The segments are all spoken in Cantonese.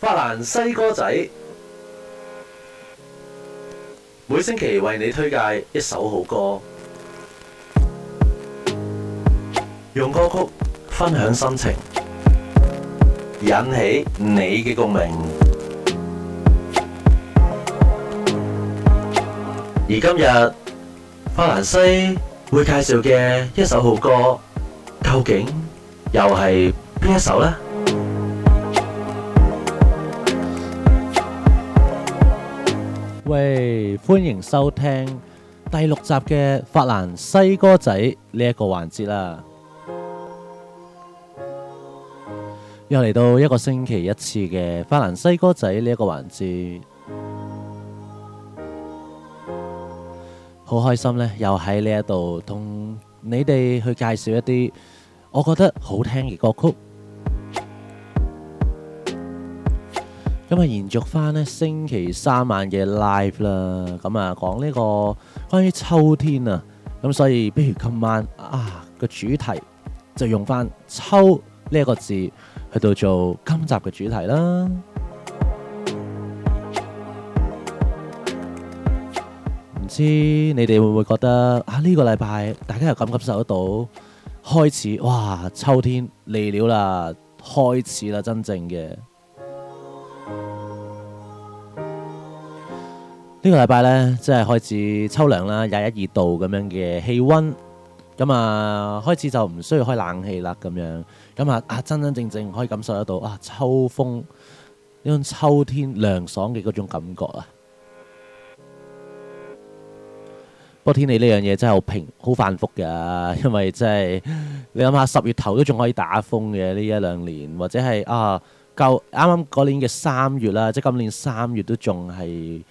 法蘭西歌仔每星期為你推介一首好歌，用歌曲分享心情，引起你嘅共鳴。而今日法蘭西會介紹嘅一首好歌，究竟又係邊一首呢？喂，歡迎收聽第六集嘅法蘭西歌仔呢一個環節啦。又嚟到一個星期一次嘅法蘭西歌仔呢一個環節，好開心呢。又喺呢一度同你哋去介紹一啲我覺得好聽嘅歌曲。咁啊，延續翻呢星期三晚嘅 live 啦，咁啊講呢個關於秋天啊，咁所以，不如今晚啊個主題就用翻秋呢一個字去到做今集嘅主題啦。唔、嗯、知你哋會唔會覺得啊？呢、這個禮拜大家又感唔感受得到，開始哇，秋天嚟了啦，開始啦，真正嘅。呢個禮拜呢，即係開始秋涼啦，廿一二度咁樣嘅氣温，咁啊開始就唔需要開冷氣啦。咁樣咁啊啊真真正正可以感受得到啊秋風，呢種秋天涼爽嘅嗰種感覺啊。 不過天氣呢樣嘢真係好平好反覆㗎，因為真係你諗下十月頭都仲可以打風嘅呢一兩年，或者係啊，舊啱啱嗰年嘅三月啦，即係今年三月都仲係。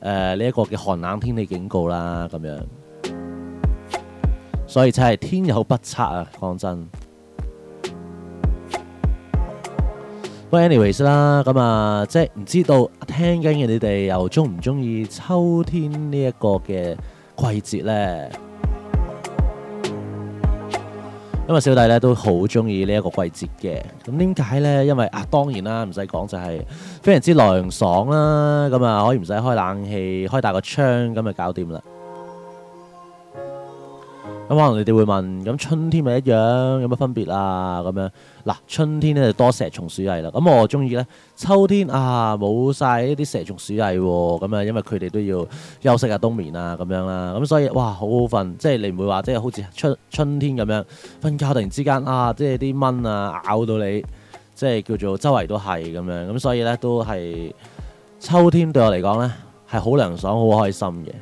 誒呢一個嘅寒冷天氣警告啦，咁樣，所以真係天有不測啊！講真，anyways，不過 anyways 啦，咁啊，即係唔知道聽緊嘅你哋又中唔中意秋天呢一個嘅季節咧？因為小弟咧都好中意呢一個季節嘅，咁點解呢？因為啊，當然啦，唔使講就係非常之涼爽啦，咁啊可以唔使開冷氣，開大個窗咁就搞掂啦。咁可能你哋會問，咁春天咪一樣，有乜分別啊？咁樣嗱，春天咧就多蛇蟲鼠蟻啦。咁我中意咧，秋天啊冇晒呢啲蛇蟲鼠蟻喎。咁啊，因為佢哋都要休息啊、冬眠啊咁樣啦。咁所以哇，好好瞓，即係你唔會話即係好似春春天咁樣瞓覺突然之間啊，即係啲蚊啊咬到你，即係叫做周圍都係咁樣。咁所以咧都係秋天對我嚟講咧係好涼爽、好開心嘅。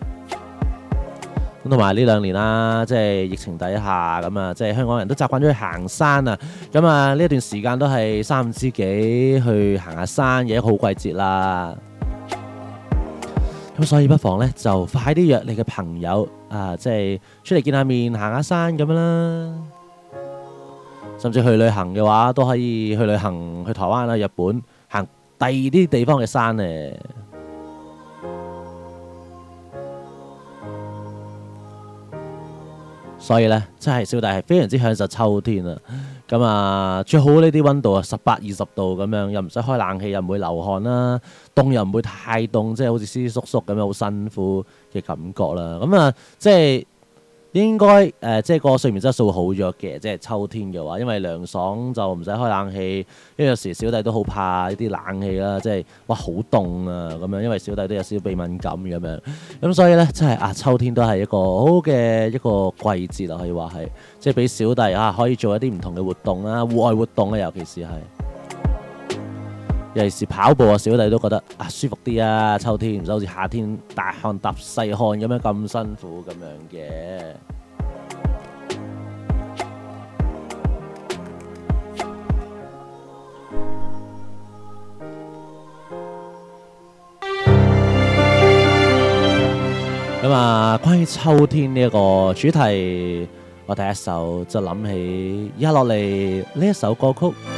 同埋呢兩年啦，即係疫情底下咁啊，即係香港人都習慣咗去行山啊。咁啊，呢段時間都係三五知己去行下山嘅一個好季節啦。咁所以不妨呢，就快啲約你嘅朋友啊，即係出嚟見下面行下山咁樣啦。甚至去旅行嘅話，都可以去旅行去台灣啦，日本行第二啲地方嘅山咧，所以咧，真係小弟係非常之享受秋天啊！咁啊，最好呢啲溫度啊，十八二十度咁樣，又唔使開冷氣，又唔會流汗啦，凍又唔會太凍，即係好似師叔叔咁樣好辛苦嘅感覺啦。咁啊，即係。應該誒，即係個睡眠質素好咗嘅，即係秋天嘅話，因為涼爽就唔使開冷氣。因為有時小弟都好怕呢啲冷氣啦，即係哇好凍啊咁樣，因為小弟都有少少鼻敏感咁樣。咁所以呢，即係啊，秋天都係一個好嘅一個季節啊，可以話係，即係俾小弟啊可以做一啲唔同嘅活動啦，戶外活動啦，尤其是係。尤其是跑步啊，小弟都覺得啊舒服啲啊，秋天唔使好似夏天大汗搭細汗咁樣咁辛苦咁樣嘅。咁啊， 關於秋天呢一個主題，我第一首就諗起即刻落嚟呢一首歌曲。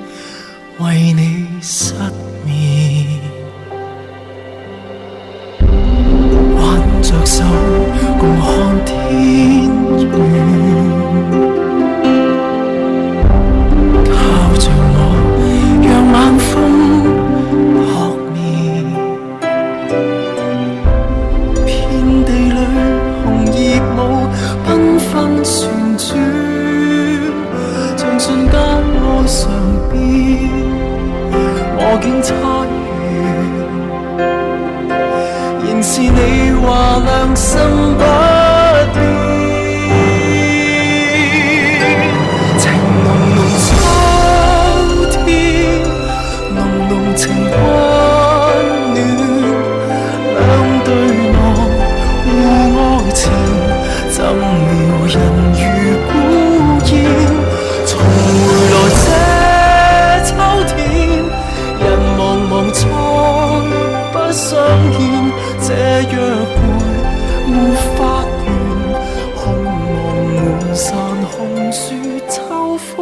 為你失眠，挽着手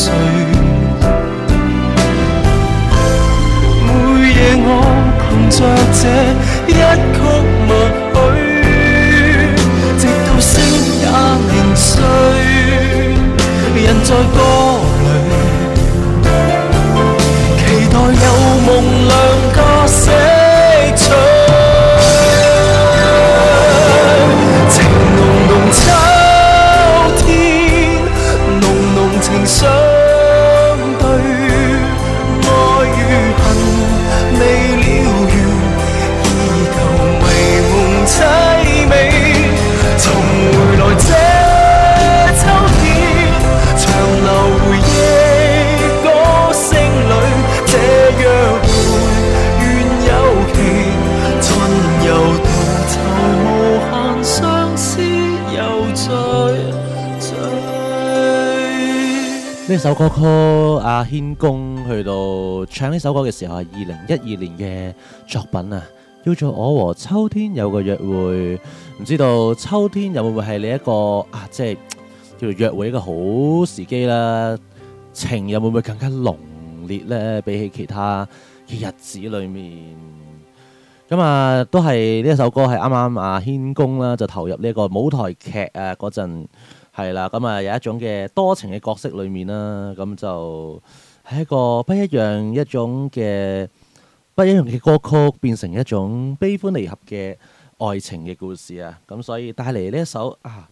每夜我憑着這一曲默許，直到星也零碎，人在江。呢首歌曲阿軒公去到唱呢首歌嘅時候係二零一二年嘅作品啊，叫做《我和秋天有個約會》。唔知道秋天又會唔會係你一個啊，即、就、係、是、叫做約會嘅好時機啦？情又會唔會更加濃烈呢？比起其他嘅日子裏面，咁、嗯、啊，都係呢一首歌係啱啱阿軒公啦，就投入呢個舞台劇啊嗰陣。係啦，咁啊有一種嘅多情嘅角色裏面啦，咁就係一個不一樣一種嘅不一樣嘅歌曲，變成一種悲歡離合嘅愛情嘅故事啊！咁所以帶嚟呢一首啊，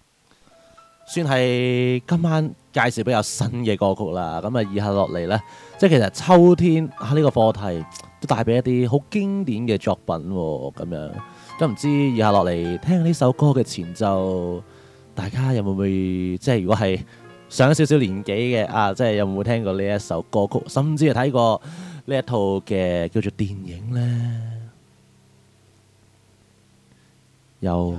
算係今晚介紹比較新嘅歌曲啦。咁啊，以下落嚟呢，即係其實秋天啊呢個課題都帶俾一啲好經典嘅作品喎，咁樣都唔知以下落嚟聽呢首歌嘅前奏。大家有冇會即係如果係上少少年紀嘅啊，即係有冇會聽過呢一首歌曲，甚至係睇過呢一套嘅叫做電影呢？有。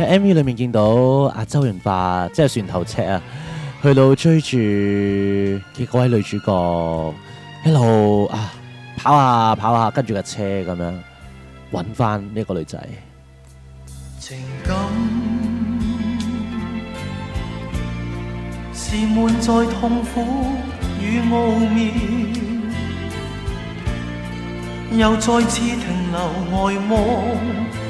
喺 MV 裏面見到阿周潤發即係船頭尺啊，去到追住嘅嗰位女主角，一路啊跑下、啊、跑下、啊，跟住架車咁樣揾翻呢個女仔。情感是滿載痛苦與傲面，又再次停留外望。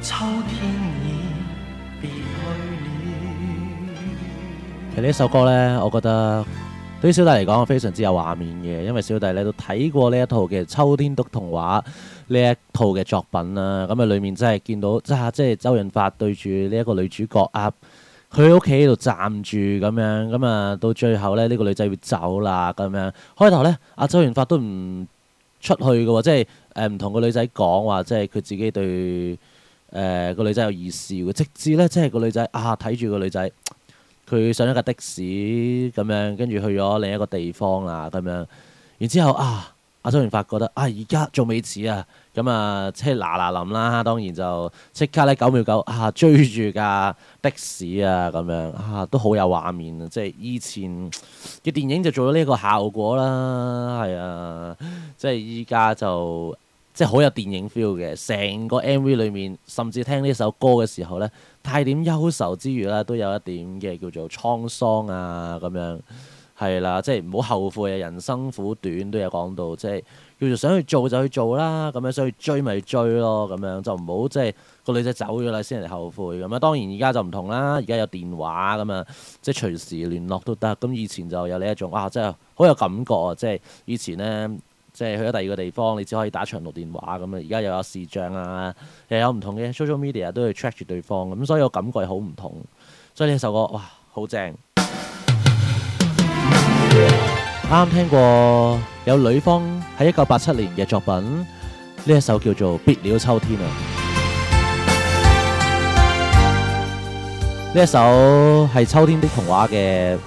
秋天已別去了。其實呢首歌呢，我覺得對於小弟嚟講，非常之有畫面嘅，因為小弟呢都睇過呢一套嘅《秋天的童話》呢一套嘅作品啦。咁啊，裏面真係見到，即係周潤發對住呢一個女主角啊，佢喺屋企喺度站住咁樣，咁啊到最後呢，呢個女仔會走啦咁樣。開頭呢，阿周潤發都唔出去噶，即係誒唔同個女仔講話，即係佢自己對。誒個、呃、女仔有意思嘅，直至咧即係個女仔啊睇住個女仔，佢上咗架的士咁樣，跟住去咗另一個地方啦咁樣。然之後啊，阿、啊、周潤發覺得啊，而家仲未遲啊，咁啊，即係嗱嗱臨啦，當然就即刻咧九秒九啊追住架的士啊咁樣啊，都好有畫面啊！即係以前嘅電影就做咗呢個效果啦，係啊，即係依家就。即係好有電影 feel 嘅，成個 MV 裏面，甚至聽呢首歌嘅時候呢，太點憂愁之餘啦，都有一點嘅叫做滄桑啊，咁樣係啦，即係唔好後悔啊！人生苦短都有講到，即係叫做想去做就去做啦，咁樣想去追咪追咯，咁樣就唔好即係個女仔走咗啦先嚟後悔咁樣！當然而家就唔同啦，而家有電話咁啊，即係隨時聯絡都得。咁以前就有呢一種啊，即係好有感覺啊！即係以前呢。即係去咗第二個地方，你只可以打長途電話咁啊！而家又有視像啊，又有唔同嘅 social media 都要 check 住對方咁，所以我感覺好唔同。所以呢首歌哇，好正！啱啱 聽過有女方喺一九八七年嘅作品，呢一首叫做《別了秋天》啊。呢一 首係《秋天的童話》嘅呢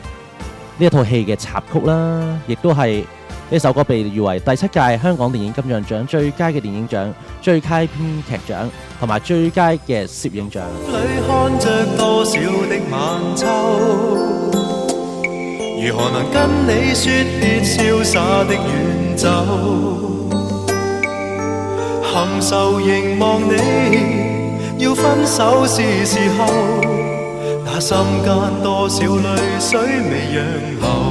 一套戲嘅插曲啦，亦都係。呢首歌被譽為第七屆香港電影金像獎最佳嘅電影獎、最佳編劇獎同埋最佳嘅攝影獎。裡看著多少的晚秋，如何能跟你訴說別愁，瀟灑的遠走，含愁凝望，你要分手是時候，那心間多少淚水未讓流。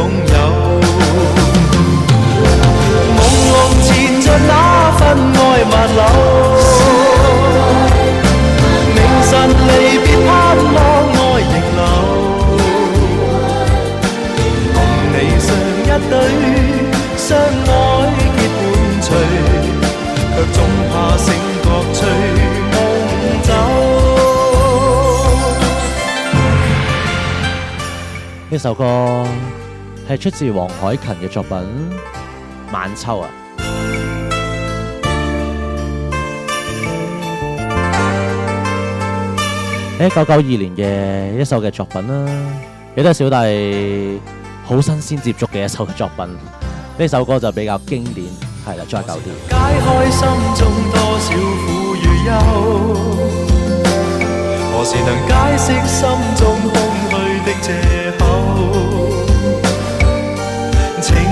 出自黃凱芹嘅作品《晚秋》啊，喺一九九二年嘅一首嘅作品啦、啊，亦都小弟好新鮮接觸嘅一首作品。呢首歌就比較經典，係啦，再舊啲。解開心中多少苦與憂，何時能解釋心中空虛的藉口？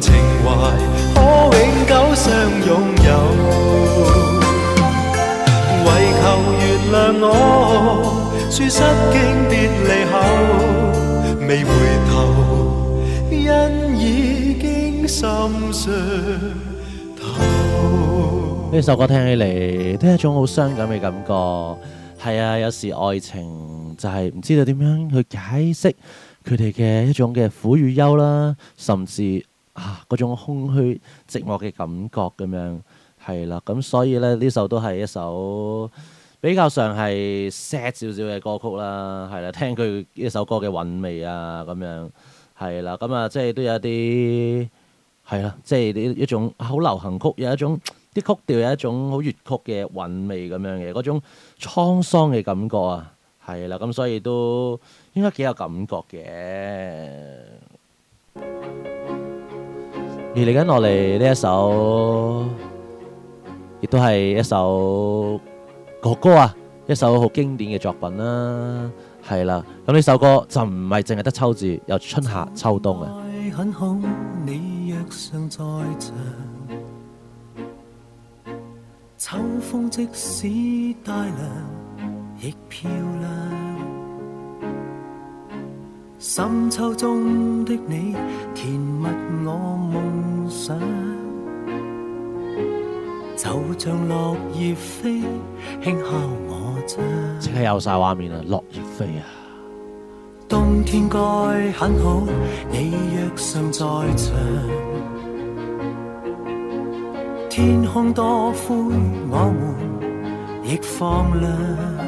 情懷可永久相擁有，為求原諒我說失驚，別離後未回頭，因已經心傷透。呢首歌聽起嚟都係一種好傷感嘅感覺。係啊，有時愛情就係唔知道點樣去解釋佢哋嘅一種嘅苦與憂啦，甚至。啊，嗰種空虛、寂寞嘅感覺咁樣，係啦，咁所以咧呢首都係一首比較上係 sad 少少嘅歌曲啦，係啦，聽佢一首歌嘅韻味啊，咁樣係啦，咁啊即係都有一啲係啦，即係、呢、一種好流行曲，有一種啲曲調有一種好粵曲嘅韻味咁樣嘅嗰種滄桑嘅感覺啊，係啦，咁所以都應該幾有感覺嘅。而嚟緊落嚟呢一首，亦都係一首國歌啊！一首好經典嘅作品啦、啊，係啦。咁呢首歌就唔係淨係得秋字，有春夏秋冬嘅、啊。 即係有晒畫面啊，落葉飛啊！冬天該很好，你若尚在場，天空多灰，我們亦放亮。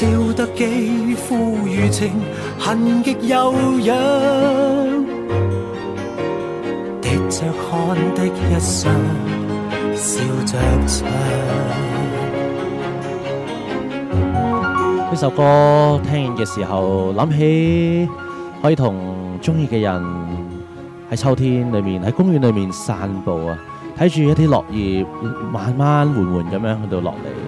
笑得幾乎如情，痕跡悠揚，滴著汗的一生，笑著唱。呢首歌聽嘅時候，諗起可以同中意嘅人喺秋天裏面，喺公園裏面散步啊，睇住一啲落葉慢慢緩緩咁樣去到落嚟。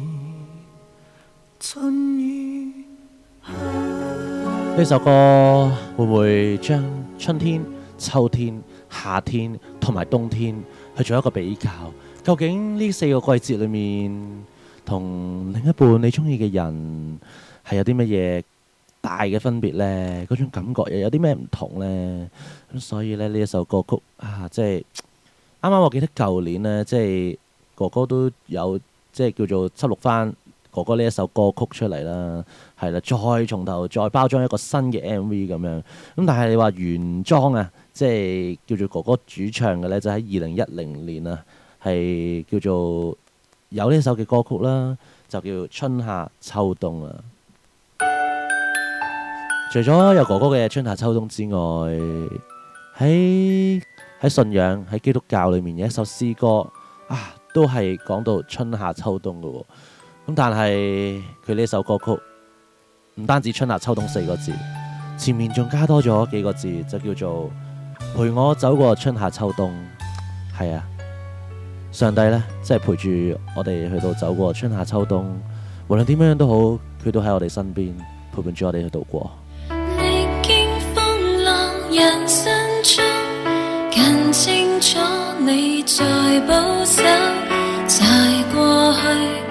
呢首歌會唔會將春天、秋天、夏天同埋冬天去做一個比較？究竟呢四個季節裏面，同另一半你中意嘅人係有啲乜嘢大嘅分別呢？嗰種感覺又有啲咩唔同呢？咁所以呢，呢一首歌曲啊，即係啱啱我記得舊年呢，即係哥哥都有即係叫做七六番。哥哥呢一首歌曲出嚟啦，係啦，再從頭再包裝一個新嘅 MV 咁樣。咁但係你話原裝啊，即係叫做哥哥主唱嘅呢，就喺二零一零年啊，係叫做有呢首嘅歌曲啦，就叫春夏秋冬啊。除咗有哥哥嘅《春夏秋冬》之外，喺喺信仰喺基督教裏面嘅一首詩歌啊，都係講到春夏秋冬嘅喎。咁但係佢呢首歌曲唔單止春夏秋冬四個字，前面仲加多咗幾個字，就叫做陪我走過春夏秋冬。係啊，上帝呢，即係陪住我哋去到走過春夏秋冬，無論點樣都好，佢都喺我哋身邊陪伴住我哋去度過。歷經風浪人生中，更清楚你在保守，在過去。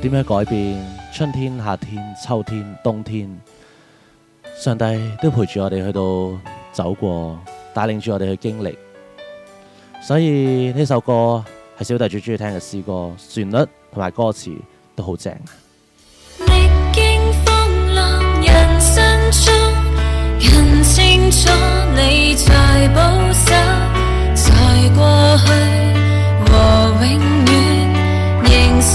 點樣改變？春天、夏天、秋天、冬天，上帝都陪住我哋去到走過，帶領住我哋去經歷。所以呢首歌係小弟最中意聽嘅詩歌，旋律同埋歌詞都好正啊！歷經風浪人生中，人清楚你才保守在過去和永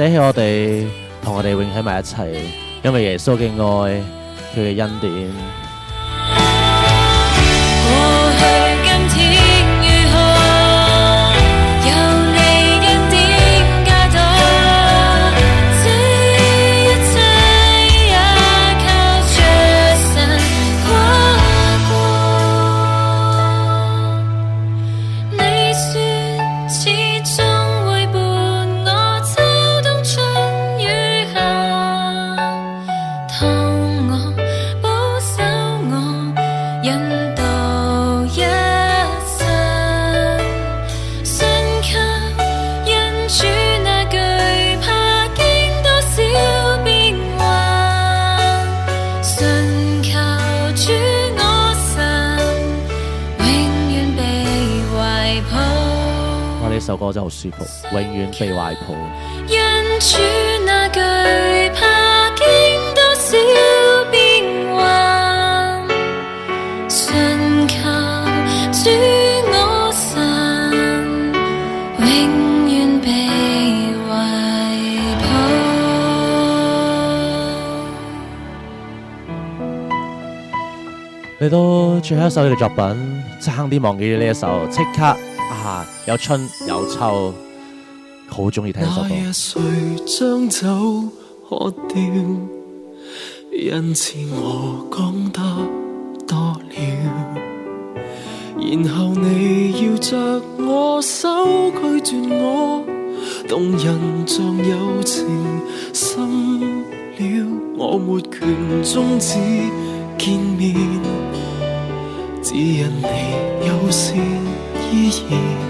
想起我哋，同我哋永喺埋一齊，因為耶穌嘅愛，佢嘅恩典。永遠被懷抱。嚟到最後一首嘅作品，差啲忘記呢一首，即刻啊，有春有秋。好鍾意聽呢首歌。那日誰將酒喝掉，因此我講得多了，然後你要着我手，拒絕我動人像友情深了，我沒權終止見面，只因你友善依然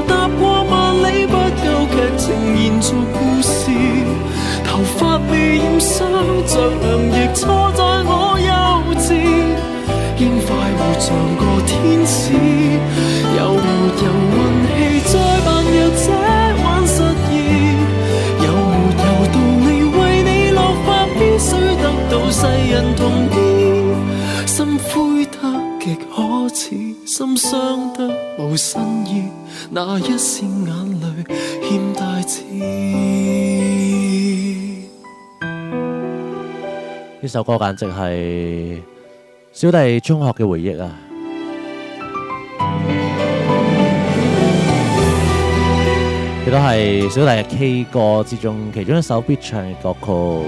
髮未染霜，着涼亦錯在我幼稚，應快活像個天使。有沒有運氣再扮弱者玩失意？有沒有道理為你落髮必須得到世人同意？心灰得極可恥，心傷得無新意，那一線眼淚欠大志。呢首歌簡直係小弟中學嘅回憶啊！亦都係小弟嘅 K 歌之中其中一首必唱嘅歌曲。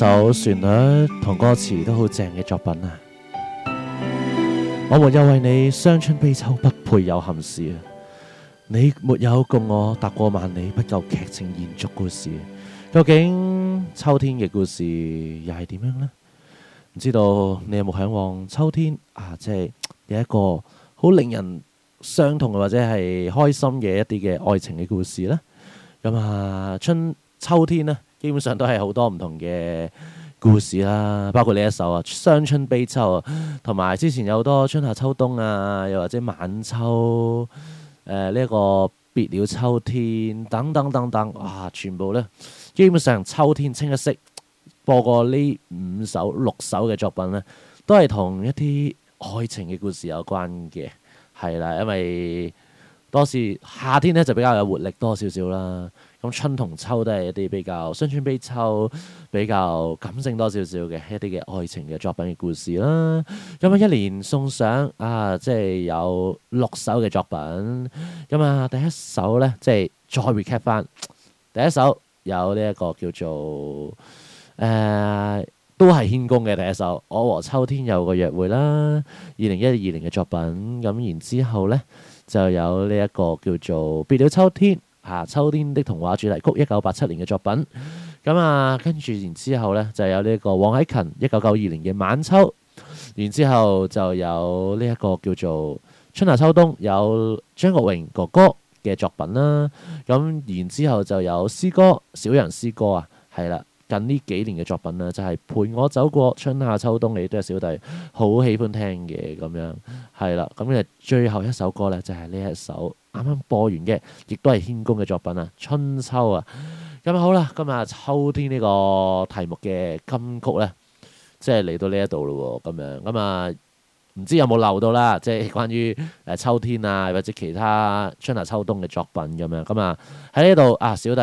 首旋律同歌詞都好正嘅作品啊！我們又為你傷春悲秋不配有憾事啊！你沒有共我踏過萬里不夠劇情延續故事，究竟秋天嘅故事又係點樣呢？唔知道你有冇嚮往秋天啊？即係有一個好令人傷痛或者係開心嘅一啲嘅愛情嘅故事呢？咁啊春秋天呢、啊。基本上都係好多唔同嘅故事啦，包括呢一首啊《傷春悲秋》啊，同埋之前有好多春夏秋冬啊，又或者《晚秋》誒呢、呃呢個別了秋天等等等等，哇！全部呢，基本上秋天清一色播過呢五首六首嘅作品呢，都係同一啲愛情嘅故事有關嘅，係啦，因為多時夏天呢就比較有活力多少少啦。咁春同秋都係一啲比較傷春悲秋、比較感性多少少嘅一啲嘅愛情嘅作品嘅故事啦。咁啊，一連送上啊，即係有六首嘅作品。咁啊，第一首咧，即係再 recap 翻，第一首有呢一個叫做誒、呃，都係軒公嘅第一首《我和秋天有個約會》啦，二零一二年嘅作品。咁然之後咧，就有呢一個叫做《別了秋天》。秋天的童話主題曲，一九八七年嘅作品。咁啊，跟住然之後咧，就有呢一個黃凱芹一九九二年嘅晚秋。然之後就有呢一個叫做春夏秋冬，有張國榮哥哥嘅作品啦。咁然之後就有詩歌小人詩歌啊，係啦。近呢幾年嘅作品咧，就係陪我走過春夏秋冬，你都係小弟好喜歡聽嘅咁樣。係啦，咁嘅最後一首歌呢，就係呢一首。啱啱播完嘅，亦都係軒公嘅作品啊，《春秋》啊，咁、嗯、好啦，今日秋天呢個題目嘅金曲咧，即係嚟到呢一度咯喎，咁樣咁啊。嗯唔知有冇留到啦，即係關於誒秋天啊，或者其他春夏秋冬嘅作品咁樣。咁啊喺呢度啊，小弟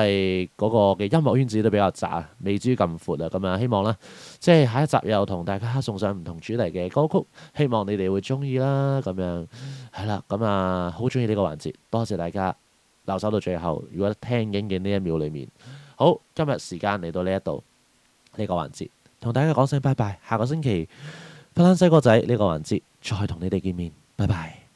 嗰個嘅音樂圈子都比較窄，未至於咁闊啦。咁啊，希望啦，即係下一集又同大家送上唔同主題嘅歌曲，希望你哋會中意啦。咁樣係啦，咁啊好中意呢個環節，多謝大家留守到最後。如果聽緊嘅呢一秒裏面，好，今日時間嚟到呢一度呢個環節，同大家講聲拜拜，下個星期。法蘭西歌仔呢個環節再同你哋見面，拜拜。